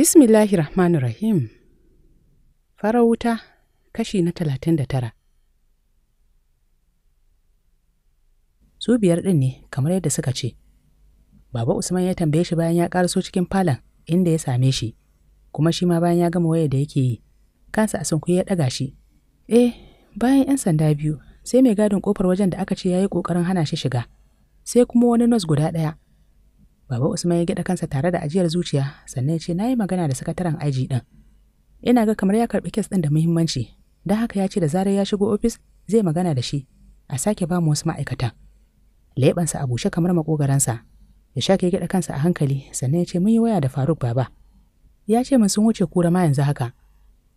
Bismillahi Rahmanu Rahim. farauta kashi na talatin da tara. Su biyar ɗin ne kamar yadda suka ce. Baba Usman ya tambaye shi bayan ya ƙaraso cikin falon inda ya same shi, kuma shi ma bayan ya gama waya da yake yi, kansa a sunku ya ɗaga shi. Eh, bayan 'yan sanda biyu, sai mai gadin ƙofar wajen da aka ce ya yi ƙoƙarin hana shi shiga, sai kuma wani nos guda ɗaya Baba Usman ya gida kansa tare da ajiyar zuciya sannan ya ce na yi magana da sakataren aji ɗin. Ina ga kamar ya karɓi kes ɗin da muhimmanci, don haka ya ce da zarar ya shigo ofis zai magana da shi, a sake ba mu wasu ma'aikatan. Leɓensa a bushe kamar makogaransa ya shake gida kansa a hankali sannan ya ce mun yi waya da Faruk baba. Ya ce mun sun wuce kura ma yanzu haka.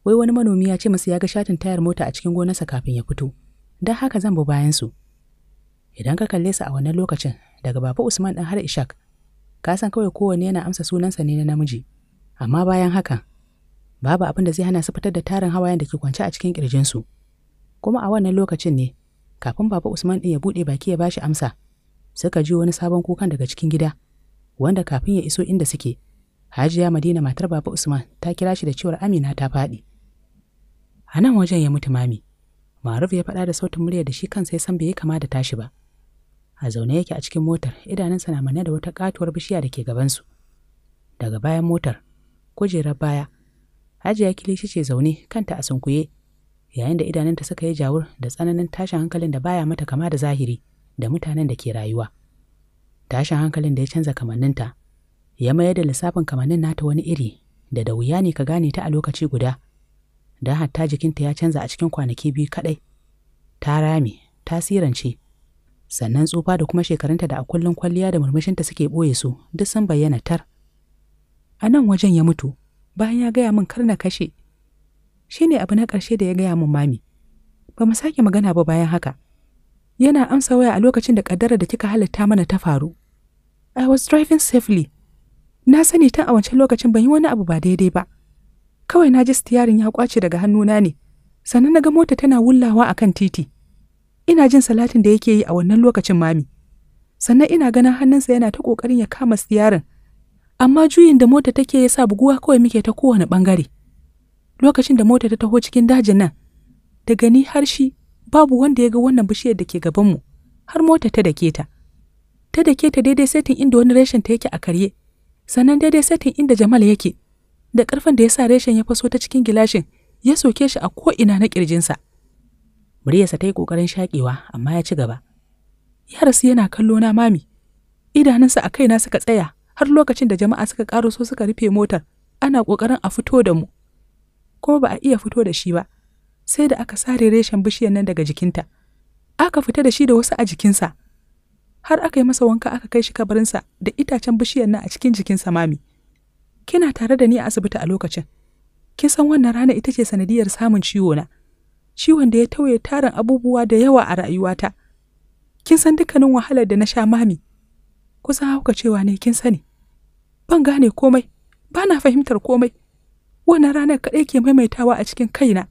Wai wani manomi ya ce musu ya ga shatin tayar mota a cikin gonarsa kafin ya fito, don haka zan bi bayansu. Idan ka kalle su a wannan lokacin daga Baba Usman ɗin har Ishak, ka san kawai kowanne yana amsa sunansa ne na namiji amma bayan hakan babu abin da zai hana su fitar da tarin hawayen da ke kwance a cikin kirjinsu kuma a wannan lokacin ne kafin baba usman din ya buɗe baki ya bashi amsa suka ji wani sabon kukan daga cikin gida wanda kafin ya iso inda suke hajiya madina matar baba usman ta kira shi da cewar amina ta faɗi a nan wajen ya mutu mami maruf ya faɗa da sautin murya da shi kansa ya san bai kama da tashi ba a zaune yake a cikin motar idanunsa na manne da wata katuwar bishiya da ke gabansu daga bayan motar kujerar baya hajiya kilishi ce zaune kanta a sunkuye yayin da idanunta suka yi jawur da tsananin tashin hankalin da baya mata kama da zahiri da mutanen da ke rayuwa tashin hankalin da ya canza kamanninta ya mayar da lissafin kamannin nata wani iri da da wuya ne ka gane ta a lokaci guda don hatta jikinta ya canza a cikin kwanaki biyu kaɗai ta rame sirance. sannan tsufa da kuma shekarunta da a kullum kwalliya da murmushinta suke ɓoye su duk sun bayyana tar a nan wajen ya mutu bayan ya gaya min kar na kashe shi ne abu na ƙarshe da ya gaya min mami ba mu sake magana ba bayan haka yana amsa waya a lokacin da ƙaddarar da kika halitta mana ta faru I was driving safely na sani tan a wancan lokacin ban yi wani abu ba daidai ba kawai na ji stiyarin ya kwace daga hannuna ne sannan na ga mota tana wullawa akan titi ina jin salatin da yake yi a wannan lokacin mami sannan ina ganin hannunsa yana ta ƙoƙarin ya kama siyarin amma juyin da mota take ya sa buguwa kawai muke ta kowane ɓangare lokacin da mota ta taho cikin dajin nan daga ni har shi babu wanda ya ga wannan bishiyar da ke gabanmu har mota ta dake ta ta dake ta daidai setin inda wani reshen ta yake a karye sannan daidai setin inda jamal yake da ƙarfin da ya sa reshen ya faso ta cikin gilashin ya soke shi a ko'ina na ƙirjinsa. Muryarsa ta yi ƙoƙarin shaƙewa, amma ya ci gaba. Ya rasu yana kallo na mami. Idanunsa a kaina suka tsaya har lokacin da jama'a suka so suka rufe motar. Ana ƙoƙarin a fito da mu. Ko ba a iya fito da shi ba. Sai da aka sare reshen bishiyar nan daga jikinta. Aka fita da shi da wasu a jikinsa. Har aka yi masa wanka aka kai shi kabarinsa da itacen bishiyar nan a cikin jikinsa mami. Kina tare da ni a asibiti a lokacin. Kin san wannan rana ita ce sanadiyar samun ciwo na. ciwon da ya tauye tarin abubuwa da yawa a rayuwata. Kin san dukkanin wahalar da na sha mami, kusan hauka cewa ne kin sani. Ban gane komai, ba na fahimtar komai. Wannan ranar kaɗai ke maimaitawa a cikin kaina.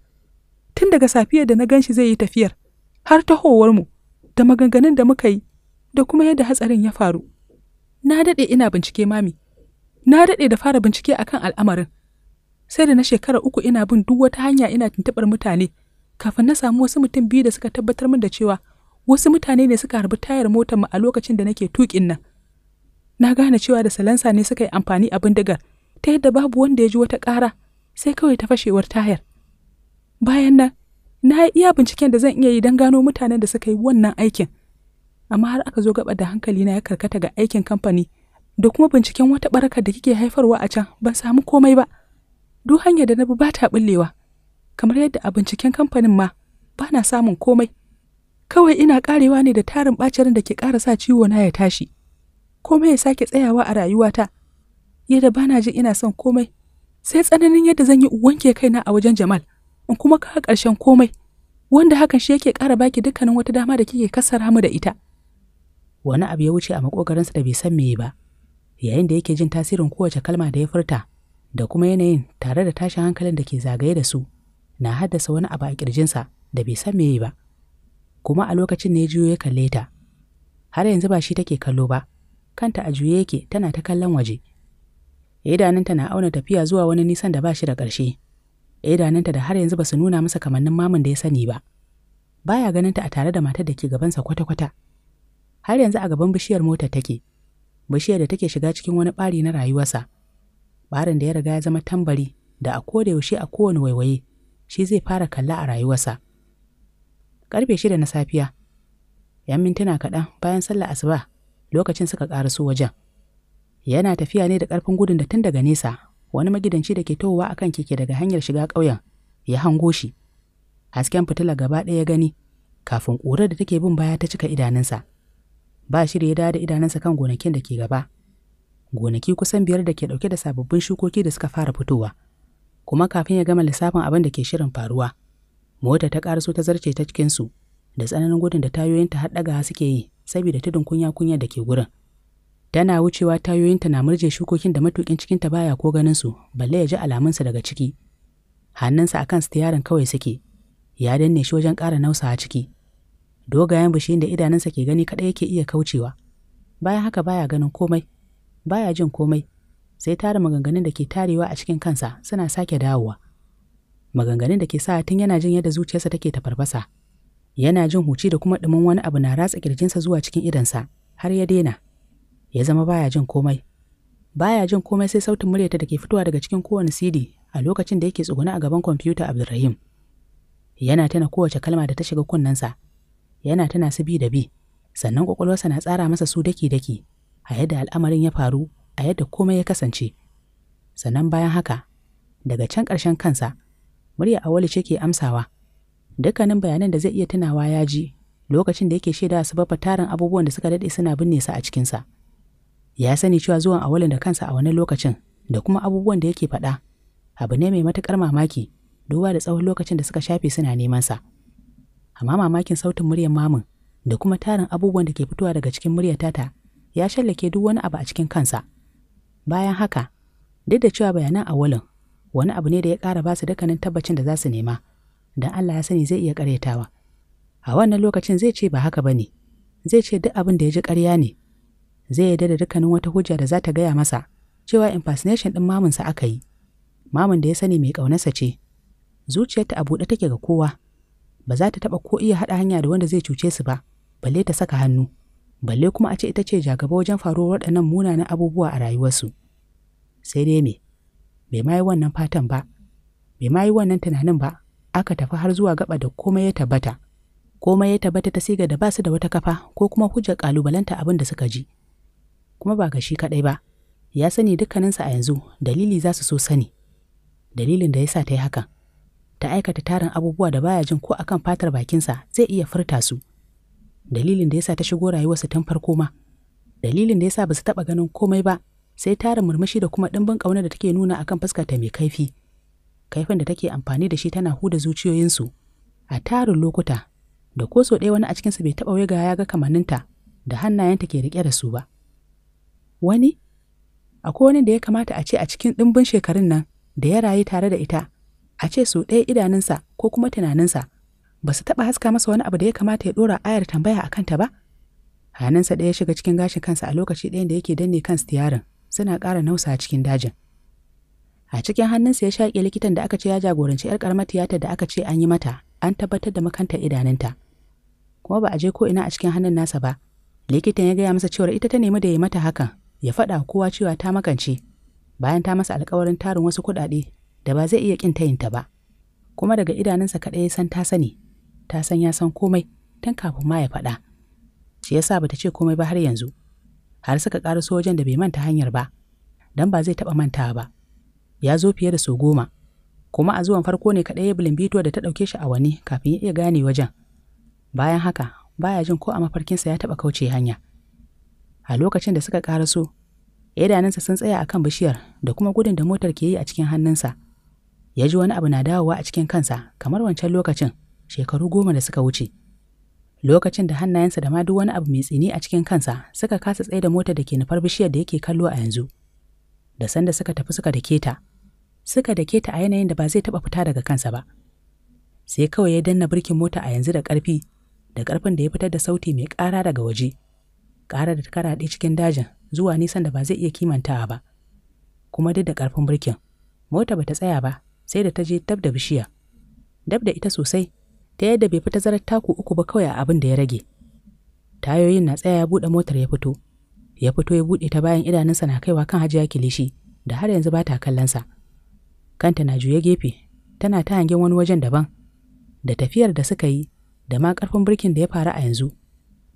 Tun daga safiyar da na gan shi zai yi tafiyar, har mu da maganganun da muka yi, da kuma yadda hatsarin ya faru. Na daɗe ina bincike mami, na daɗe da fara bincike akan al'amarin. Sai da na shekara uku ina bin duk wata hanya ina tuntuɓar mutane, kafin na samu wasu mutum biyu da suka tabbatar min da cewa wasu mutane ne suka harbi tayar motar mu a lokacin da nake tuƙin nan na gane cewa da salansa ne suka yi amfani a bindigar ta yadda babu wanda ya ji wata ƙara sai kawai ta fashewar tayar bayan nan na yi iya binciken da zan iya yi don gano mutanen da suka yi wannan aikin amma har aka zo gaba da hankali na ya karkata ga aikin kamfani da kuma binciken wata barakar da kike haifarwa a can ban samu komai ba duk hanyar da na bi ba ta bullewa kamar yadda a binciken kamfanin ma ba na samun komai kawai ina karewa ne da tarin ɓacin da ke ƙara sa ciwo na ya tashi komai ya sake tsayawa a rayuwata yadda ba na jin ina son komai sai tsananin yadda zan yi wanke kaina a wajen jamal in kuma kawo ƙarshen komai wanda hakan shi yake ƙara baki dukkanin wata dama da kike kasara mu da ita wani abu ya wuce a makogaransa da bai san meye ba yayin da yake jin tasirin kowace kalma da ya furta da kuma yanayin tare da tashin hankalin da ke zagaye da su na haddasa wani abu a ƙirjinsa da bai san meye ba kuma a lokacin ne juyo ya kalle ta har yanzu ba shi take kallo ba kanta a juye yake tana ta kallon waje idanunta na auna tafiya zuwa wani nisan da ba shi da ƙarshe idanunta da har yanzu ba su nuna masa kamannin mamun da ya sani ba baya ganin ta a tare da matar da ke gabansa kwata-kwata har yanzu a gaban bishiyar motar take bishiyar da take shiga cikin wani ɓari na rayuwarsa Barin da ya riga ya zama tambari da a koda yaushe a kowane waiwaye shi zai fara kalla a rayuwarsa. Karfe shida na safiya, ‘yan mintuna kaɗan bayan sallah asuba lokacin suka ƙaraso wajen. Yana tafiya ne da ƙarfin gudun da tun daga nesa, wani magidanci da ke towa akan keke daga hanyar shiga ƙauyen ya hango shi. Hasken fitila gaba ɗaya ya gani, kafin ƙurar da take bin baya ta cika idanunsa. Ba shi da ya dawo da idanunsa kan gonakin da ke gaba. Gonaki kusan biyar da ke ɗauke da sababbin shukoki da suka fara fitowa. kuma kafin ya gama lissafin abin da ke shirin faruwa mota ta ƙaraso ta zarce ta cikinsu da tsananin gudun da tayoyinta har ɗaga suke yi saboda tudun kunya-kunya da ke gurin tana wucewa tayoyinta na murje shukokin da matukin cikinta baya ko ganin su balle ya ji alamunsa daga ciki hannunsa akan stiyarin kawai suke ya danne shi wajen ƙara nausa a ciki dogayen bishiyin da idanunsa ke gani kaɗai yake iya kaucewa bayan haka baya ganin komai baya jin komai sai tara maganganun da ke tarewa a cikin kansa suna sake dawowa. Maganganun da ke sa tun yana jin yadda zuciyarsa take tafarfasa Yana jin huci da kuma ɗumin wani abu na ratsa kirjinsa zuwa cikin idonsa har ya daina. Ya zama baya jin komai. Baya jin komai sai sautin muryarta da ke fitowa daga cikin kowane CD a lokacin da yake tsuguna a gaban kwamfuta Abdulrahim. Yana tana kowace kalma da ta shiga kunnensa. Yana tana su bi da bi. Sannan kwakwalwarsa na tsara masa su daki-daki a yadda al'amarin ya faru a yadda komai ya kasance sannan bayan haka daga can ƙarshen kansa murya a ce ke amsawa dukkanin bayanan da zai iya tunawa ya ji lokacin da yake shaida su bafa tarin abubuwan da suka daɗe suna binne sa a cikinsa ya sani cewa zuwan awalin da kansa a wani lokacin da kuma abubuwan da yake faɗa abu ne mai matuƙar mamaki duba da tsawon lokacin da suka shafe suna neman sa amma mamakin sautin muryar mamin da kuma tarin abubuwan da ke fitowa daga cikin muryar tata ya shallake duk wani abu a cikin kansa Bayan haka, duk da cewa bayanan a wulin wani abu ne da ya ƙara ba su dukkanin tabbacin da za su nema, don Allah ya sani zai iya ƙaryatawa. A wannan lokacin zai ce ba haka ba ne, zai ce duk abin da ya ji ƙarya ne, zai yarda da dukkanin wata hujja da za ta gaya masa cewa impersonation ɗin sa aka yi. Mamun da ya sani mai ƙaunarsa ce, zuciyarta a buɗe take ga kowa, ba za ta taɓa ko iya haɗa hanya da wanda zai cuce su ba, balle ta saka hannu. balle kuma a ce ita ce jagaba wajen faruwar waɗannan munanan abubuwa a rayuwarsu sai dai me bai ma yi wannan fatan ba bai ma yi wannan tunanin ba aka tafi har zuwa gaba da komai ya tabbata komai ya tabbata ta siga da basu da wata kafa ko kuma hujjar kalubalanta abin da suka ji kuma ba ga shi kaɗai ba ya sani dukkaninsa a yanzu dalili za su so sani dalilin da ya sa ta yi hakan ta aikata tarin abubuwa da baya jin ko akan fatar bakinsa zai iya furta su dalilin da yasa ta shigo rayuwarsa tun farko ma dalilin da yasa ba su taɓa ganin komai ba sai tarin murmushi da kuma ɗimbin kauna da take nuna akan fuskarta mai kaifi kaifin da take amfani da shi tana huda zuciyoyinsu a tarin lokuta da ko so ɗaya wani a cikinsu bai taɓa wega ya ga kamanninta da hannayenta ke riƙe da su ba wani akwai wani da ya kamata a ce a cikin ɗimbin shekarun nan da ya rayu tare da ita a ce so ɗaya idanunsa ko kuma tunaninsa ba su taɓa haska masa wani abu da ya kamata ya ɗora ayar tambaya a kanta ba hannunsa ɗaya shiga cikin gashin kansa a lokaci ɗayan da yake danne kan stiyarin suna ƙara nausa a cikin dajin a cikin hannunsa ya shaƙe likitan da aka ce ya jagoranci 'yar ƙaramar tiyatar da aka ce an yi mata an tabbatar da makantar idanunta kuma ba a je ko ina a cikin hannun nasa ba likitan ya gaya masa cewar ita ta nemi da ya mata hakan ya faɗa kowa cewa ta makance bayan ta masa alƙawarin tarin wasu kuɗaɗe da ba zai iya ƙin tayinta ba kuma daga idanunsa kaɗai ya san ta sani ta san ya san komai tun kafin ma ya faɗa. Shi yasa bata ce komai ba har yanzu. Har suka ƙara wajen da bai manta hanyar ba, Dan ba zai taɓa manta ba. Ya zo fiye da sau goma, kuma a zuwan farko ne kaɗai ya bilimbito da ta ɗauke shi awanni kafin ya iya gane wajen. Bayan haka, baya jin ko a mafarkinsa ya taɓa kauce hanya. A lokacin da suka so idanunsa sun tsaya a kan bishiyar da kuma gudun da motar ke yi a cikin hannunsa. Ya ji wani abu na dawowa a cikin kansa kamar wancan lokacin. shekaru goma da suka wuce. Lokacin da hannayensa da ma duk wani abu mai tsini a cikin kansa suka kasa tsaye da motar da ke nufar bishiyar da yake kallo a yanzu. Da sanda suka tafi suka dake ta, suka dake ta a yanayin da ba zai taɓa fita daga kansa ba. Sai kawai ya danna birkin mota a yanzu da ƙarfi, da ƙarfin da ya fitar da sauti mai ƙara daga waje. Ƙara da ta ɗaya cikin dajin zuwa nisan da ba zai iya kimantawa ba. Kuma duk da ƙarfin birkin, mota bata tsaya ba sai da ta je dab da bishiya. Dab da ita sosai ta yadda bai fita zarar taku uku ba kawai a abin da ya rage tayoyin na tsaya ya buɗe motar ya fito ya fito ya buɗe ta bayan idanunsa na kaiwa kan hajiya kilishi da har yanzu ba ta sa. kanta na juye gefe tana ta hangen wani wajen daban da tafiyar da suka yi da ma ƙarfin birkin da ya faru a yanzu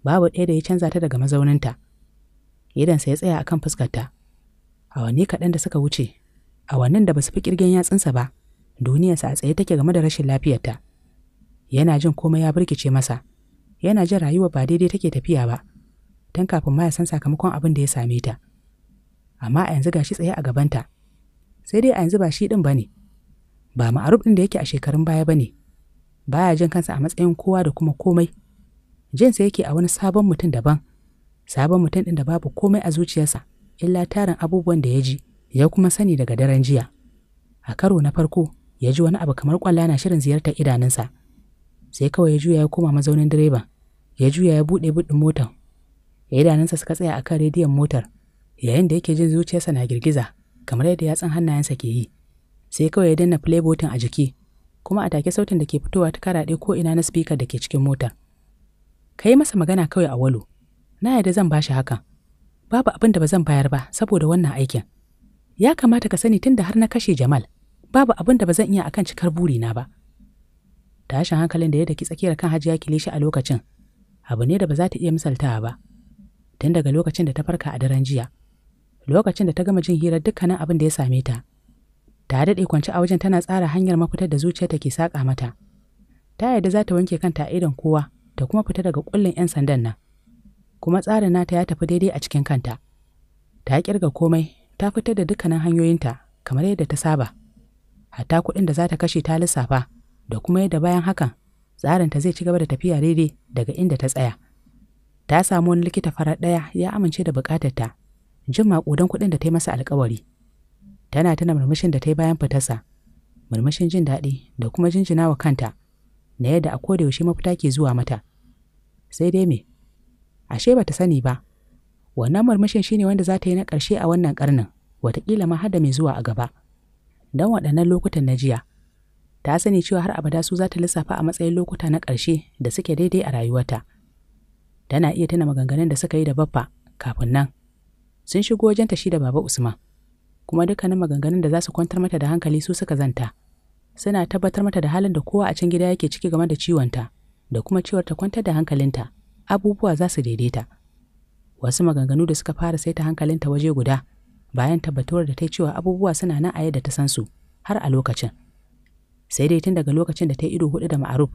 babu ɗaya da ya canza ta daga mazauninta idansa ya tsaya akan fuskarta awanni kaɗan da suka wuce awannin da ba su fi ƙirgen yatsunsa ba duniyarsa a tsaye take game da rashin lafiyarta yana jin komai ya birkice masa yana jin rayuwa ba daidai take tafiya ba tun kafin ma ya san sakamakon abin da ya same ta amma a yanzu gashi tsaye a gabanta sai dai a yanzu ba shi din bane ba ma'aruf din da yake a shekarun baya bane baya jin kansa a matsayin kowa da kuma komai Jin sa yake a wani sabon mutum daban sabon mutum din da babu komai a zuciyarsa illa tarin abubuwan da ya ji ya kuma sani daga daren jiya a karo na farko ya ji wani abu kamar kwalla na shirin ziyartar idanunsa sai kawai ya juya ya koma mazaunin direban ya juya ya buɗe buɗin motar ya idanunsa suka tsaya akan rediyon motar yayin da yake jin zuciyarsa na girgiza kamar yadda yatsan hannayensa ke yi sai kawai ya danna play button a jiki kuma a take sautin da ke fitowa ta karaɗe ko ina na speaker da ke cikin motar ka yi masa magana kawai a walo na yadda zan bashi hakan babu abin da ba zan bayar ba saboda wannan aikin ya kamata ka sani tunda har na kashe jamal babu abin da ba zan iya akan cikar burina ba tashin hankalin da ya daki tsakiyar kan hajiya kilishi a lokacin abu ne da ba za ta iya misaltawa ba tun daga lokacin da ta farka a daren jiya lokacin da ta gama jin hirar dukkanin abin da ya same ta ta daɗe kwance a wajen tana tsara hanyar mafitar da zuciya take saƙa mata ta yarda za ta wanke kanta a idon kowa ta kuma fita daga ƙullin 'yan sandan nan kuma tsarin nata ya tafi daidai a cikin kanta ta kirga komai ta fitar da dukkanin hanyoyinta kamar yadda ta saba hatta kuɗin da za ta kashe ta lissafa da kuma yadda bayan hakan tsarinta zai ci gaba da tafiya daidai daga inda ta tsaya. Ta samu wani likita farar ɗaya ya amince da ta. jin maƙudan kuɗin da ta yi masa alkawari Tana tana murmushin da ta yi bayan fitarsa, murmushin jin daɗi da kuma jinjina wa kanta, na yadda a koda yaushe mafita ke zuwa mata. Sai dai me? Ashe bata sani ba, wannan murmushin shine wanda za ta yi na ƙarshe a wannan ƙarnin, wataƙila ma har mai zuwa a gaba. Dan waɗannan lokutan na jiya, ta sani cewa har abada su za ta lissafa a matsayin lokuta na ƙarshe da suke daidai a rayuwarta. Tana iya tuna maganganun da suka yi da baffa kafin nan. Sun shigo wajenta shi da Baba Usman, kuma dukkanin maganganun da za su kwantar mata da hankali su suka zanta. Suna tabbatar mata da halin da kowa a can gida yake ciki game da ciwonta, da kuma cewar ta kwantar da hankalinta, abubuwa za su daidaita. Wasu maganganu da suka fara saita hankalinta waje guda, bayan tabbatuwar da ta cewa abubuwa suna nan a yadda ta san su, har a lokacin. sai dai tun daga lokacin da ta ido hudu da ma'aruf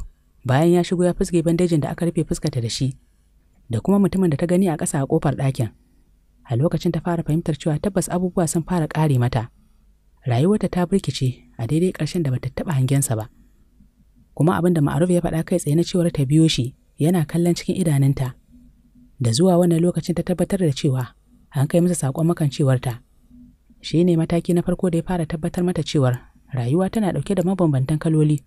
bayan ya shigo ya fuske bandejin da aka rufe fuskarta da shi da kuma mutumin da ta gani a ƙasa a ƙofar ɗakin a lokacin ta fara fahimtar cewa tabbas abubuwa sun fara ƙare mata rayuwarta ta birkice a daidai ƙarshen da bata taɓa hangensa ba kuma abin da ma'aruf ya faɗa kai tsaye na cewar ta biyo shi yana kallon cikin idanunta da zuwa wannan lokacin ta tabbatar da cewa an kai masa saƙon makancewarta shi ne mataki na farko da ya fara tabbatar mata cewar Rayuwa tana ɗauke da mabambantan kaloli,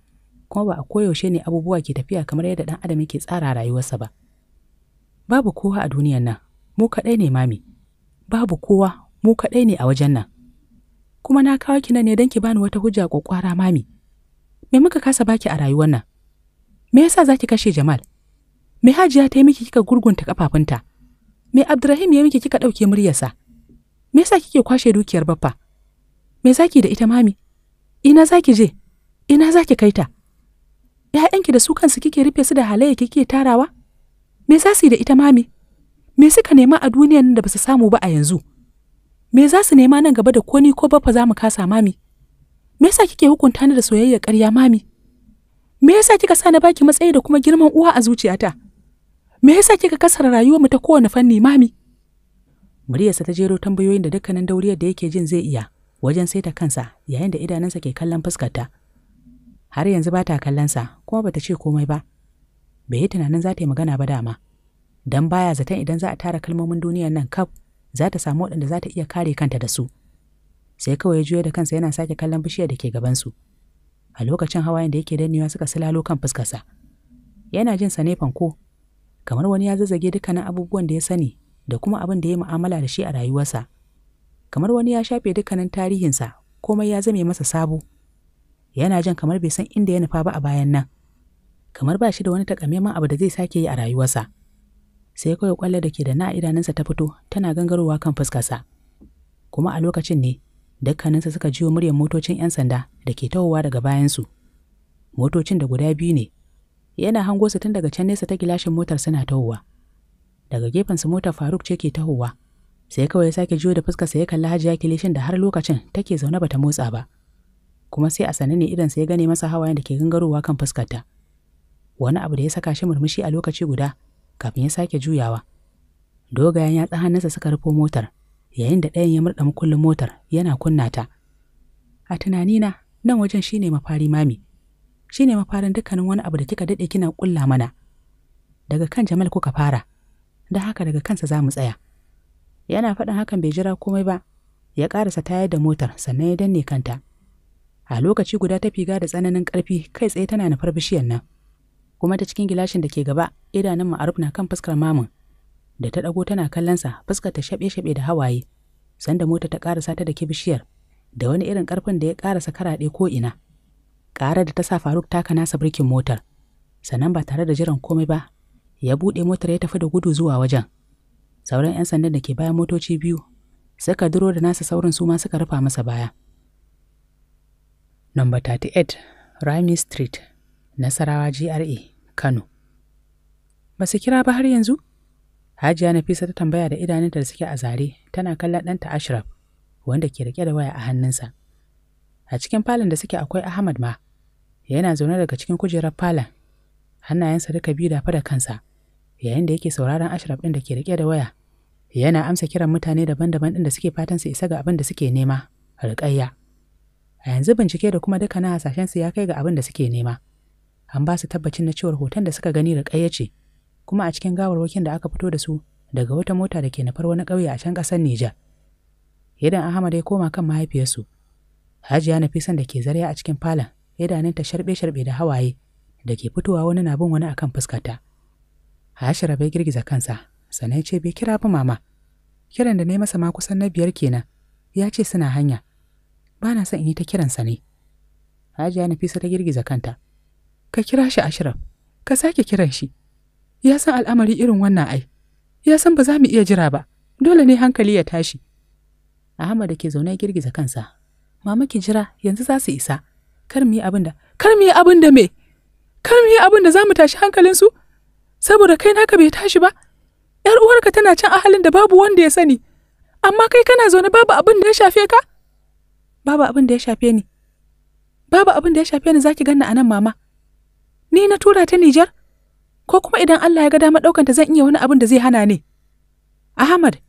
kuma ba a koyaushe ne abubuwa ke tafiya kamar yadda ɗan adam yake tsara rayuwarsa ba. Babu kowa a duniyan nan, mu kaɗai ne mami. Babu kowa, mu kaɗai ne a wajen nan. Kuma na kawo ki nan ne don ki bani wata hujja kokwara mami. Me muka kasa baki a rayuwar nan? Me yasa za ki kashe Jamal? Me Hajiya ta yi miki kika gurgunta kafafunta? Me Abdurrahim ya miki kika ɗauke muryarsa? Me yasa kike kwashe dukiyar baffa? Me zaki da ita mami? ina za ki je ina za ki kai ta ‘ya'yanki da su kansu kike rufe su da halayya kike tarawa me za su yi da ita mami me suka nema a duniyan da ba su samu ba a yanzu me za su nema nan gaba da ko ko ba za mu kasa mami me yasa kike hukunta ni da soyayya ƙarya mami me yasa kika sa na baki matsayi da kuma girman uwa a zuciyata me yasa kika kasara rayuwar mu ta kowane fanni mami muryarsa ta jero tambayoyin da dukkanin dauriyar da yake jin zai iya wajen saita kansa yayin da idanunsa ke kallon fuskarta. Har yanzu ba ta kallonsa kuma ba ta ce komai ba. Bai yi tunanin za ta yi magana ba dama. Don baya zaton idan za a tara kalmomin duniyar nan kaf za ta samu waɗanda za ta iya kare kanta da su. Sai kawai ya juya da kansa yana sake kallon bishiyar da ke gabansu. A lokacin hawayen da yake dannewa suka silalo kan fuskarsa. Yana jin sa ne fanko, kamar wani ya zazzage dukkanin abubuwan da ya sani da kuma abin da ya mu'amala da shi a rayuwarsa kamar wani ya shafe dukkanin tarihinsa komai ya zame masa sabo yana jan kamar bai san inda ya nufa ba a bayan nan kamar ba shi da wani takamaiman abu da zai sake yi a rayuwarsa sai kawai kwallo da ke da na idanunsa ta fito tana gangarowa kan fuskarsa kuma a lokacin ne dukkaninsa suka jiyo muryar motocin 'yan sanda da ke tahowa daga bayansu motocin da guda biyu ne yana hango su tun daga can nesa ta gilashin motar suna tahowa daga gefensu motar faruk ce ke tahowa sai kawai sake juyo da fuskarsa ya kalli hajiya kilishin da har lokacin take zaune bata motsa ba kuma sai a sane ne sa ya gane masa hawayen da ke gangarowa kan ta. wani abu da ya saka shi murmushi a lokaci guda kafin ya sake juyawa dogayen yatsa hannunsa suka rufo motar yayin da ɗayan ya murda mukullin motar yana kunna ta a tunanina nan wajen shine mafari mami Shi ne mafarin dukkanin wani abu da kika daɗe kina ƙulla mana daga kan jamal kuka fara da haka daga kansa za mu tsaya yana faɗin hakan bai jira komai ba ya ƙarasa tayar da motar sannan ya danne kanta a lokaci guda ta figa da tsananin ƙarfi kai tsaye tana nufar bishiyar nan kuma ta cikin gilashin da ke gaba idanun ma'aruf na kan fuskar mamun da ta ɗago tana kallonsa fuskar ta shaɓe-shaɓe da hawaye sanda mota ta ƙarasa ta da ke bishiyar da wani irin ƙarfin da ya ƙarasa karaɗe ko ina ƙara da ta sa faruk taka nasa birkin motar sannan ba tare da jiran komai ba ya buɗe motar ya tafi da gudu zuwa wajen sauran 'yan sandan da ke bayan motoci biyu suka duro da nasa saurin su ma suka rufa masa baya. Number 38 Rami Street, Nasarawa GRA, Kano. Ba su kira ba har yanzu? Hajiya Nafisa ta tambaya da idanunta da suke a zare tana kallon ɗanta Ashraf wanda ke rike da waya a hannunsa. A cikin falon da suke akwai Ahmad ma, yana zaune daga cikin kujerar falon, hannayensa duka biyu dafa da kansa. yayin da yake sauraron Ashraf ɗin da ke riƙe da waya. Yana amsa kiran mutane daban-daban ɗin da suke fatan su isa ga abin da suke nema, riƙayya. A yanzu bincike da kuma dukkanin hasashen su ya kai ga abin da suke nema. An ba su tabbacin na cewar hoton da suka gani rikayya ce, kuma a cikin gawarwakin da aka fito da su daga wata mota da ke nufar wani ƙauye a can ƙasar Nijar. Idan Ahmad ya koma kan mahaifiyarsu, Hajiya Nafisan da ke zarya a cikin falon, idanunta sharɓe-sharɓe da hawaye da ke fitowa wani na bin wani akan fuskata. Hashira bai girgiza kansa, sannan ya ce bai kira ba mama. Kiran da na yi masa ma kusan na biyar kenan, ya ce suna hanya. Ba na son in yi ta kiransa ne. Hajiya Nafisa ta girgiza kanta. Ka kira shi Ashraf, ka sake kiran shi. Ya san al'amari irin wannan ai. Ya san ba za mu iya jira ba. Dole ne hankali ya tashi. Ahmad da ke zaune girgiza kansa. Mama ki jira, yanzu za su isa. Kar mu yi abin da, kar mu yi abin da me? Kar mu yi abin da za mu tashi hankalinsu? su? saboda kai naka bai tashi ba yar uwarka tana can a halin da babu wanda ya sani amma kai kana zaune babu abin da ya shafe ka babu abin da ya shafe ni babu abin da ya shafe ni zaki ganna anan mama ni na tura ta Nijar ko kuma idan Allah ya ga dama ɗaukanta zan iya wani abin da zai hana ni Ahmad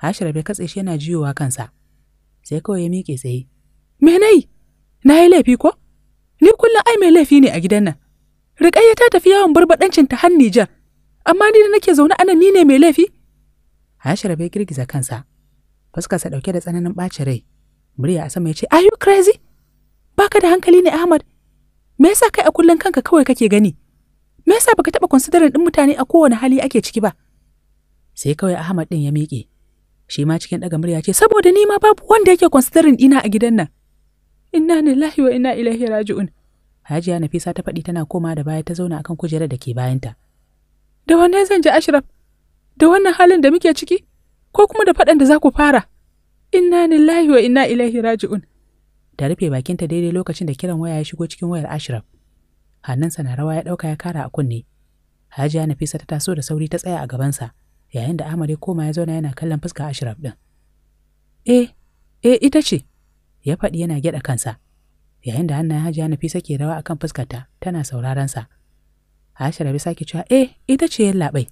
Hashira bai katse shi yana jiyowa kansa sai kawai ya miƙe tsaye me nayi na yi laifi ko ni kullum ai mai laifi ne a gidan nan Rikayya ta tafi yawon barbaɗancin ta har Nijar amma ni da nake zaune anan ni ne mai laifi Aisha bai girgiza kansa fuskarsa ɗauke da tsananin ɓacin rai murya a sama ya ce are you crazy baka da hankali ne Ahmad me yasa kai a kullun kanka kawai kake gani me yasa baka taba considering din mutane a kowane hali ake ciki ba sai kawai Ahmad ɗin ya miƙe shi ma cikin ɗaga murya ce saboda ni ma babu wanda yake considering dina a gidan nan inna lillahi wa inna ilaihi raji'un Hajiya Nafisa ta faɗi tana koma da baya ta zauna akan kujerar da ke bayanta. da wanne zan ji ashraf da wannan halin da muke ciki ko kuma da faɗan da za ku fara inna lillahi wa inna ilaihi raji'un da rufe bakinta daidai lokacin da kiran waya ya shigo cikin wayar ashraf hannunsa na rawa ya ɗauka ya kara a kunne hajiya nafisa ta taso da sauri ta tsaya a gabansa yayin da ahmad koma ya zauna yana kallon fuska ashraf ɗin eh eh ita ce ya faɗi yana gyaɗa kansa yayin da hannayen hajiya nafisa ke rawa akan fuskarta tana sauraron sa Aisha Rabi sake cewa eh ita ce yallaɓai.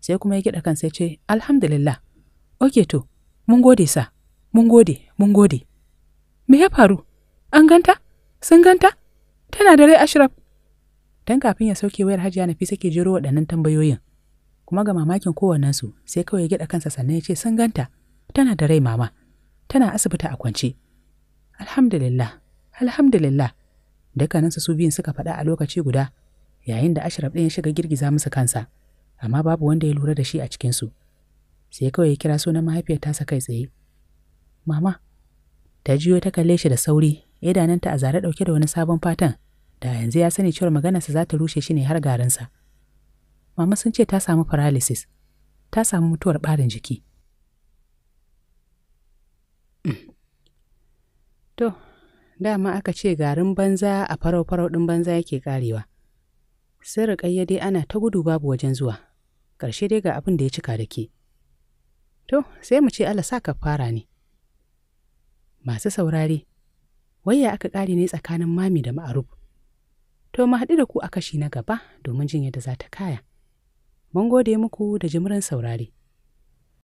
Sai kuma ya gida kansa ya ce alhamdulillah. Oke to, mun gode sa, mun gode, mun gode. Me ya faru? An ganta? Sun ganta? Tana da rai Ashraf. Dan kafin ya sauke wayar Hajiya Nafisa ke jiro waɗannan tambayoyin. Kuma ga mamakin su sai kawai ya gida kansa sannan ya ce sun ganta. Tana da rai mama. Tana asibiti a kwance. Alhamdulillah, alhamdulillah. Dukkaninsu su biyun suka faɗa a lokaci guda yayin da Ashraf ɗin ya shiga girgiza musu kansa, amma babu wanda ya lura da shi a cikinsu. Sai kawai ya kira sunan mahaifiyar tasa kai tsaye. Mama, ta jiyo ta kalle shi da sauri, idanunta a zare ɗauke da wani sabon fatan, da yanzu ya sani cewar maganarsa za ta rushe shi ne har garinsa. Mama sun ce ta samu paralysis, ta samu mutuwar ɓarin jiki. To, dama aka ce garin banza a farau-farau ɗin banza yake ƙarewa. sai riƙayya dai ana ta gudu babu wajen zuwa ƙarshe dai ga abin da ya cika da ke to sai mu ce Allah sa ka fara ne masu saurare waya aka ƙare ne tsakanin mami da ma'aruf to mu haɗu da ku a kashi na gaba domin jin yadda za ta kaya mun gode muku da jimirin saurare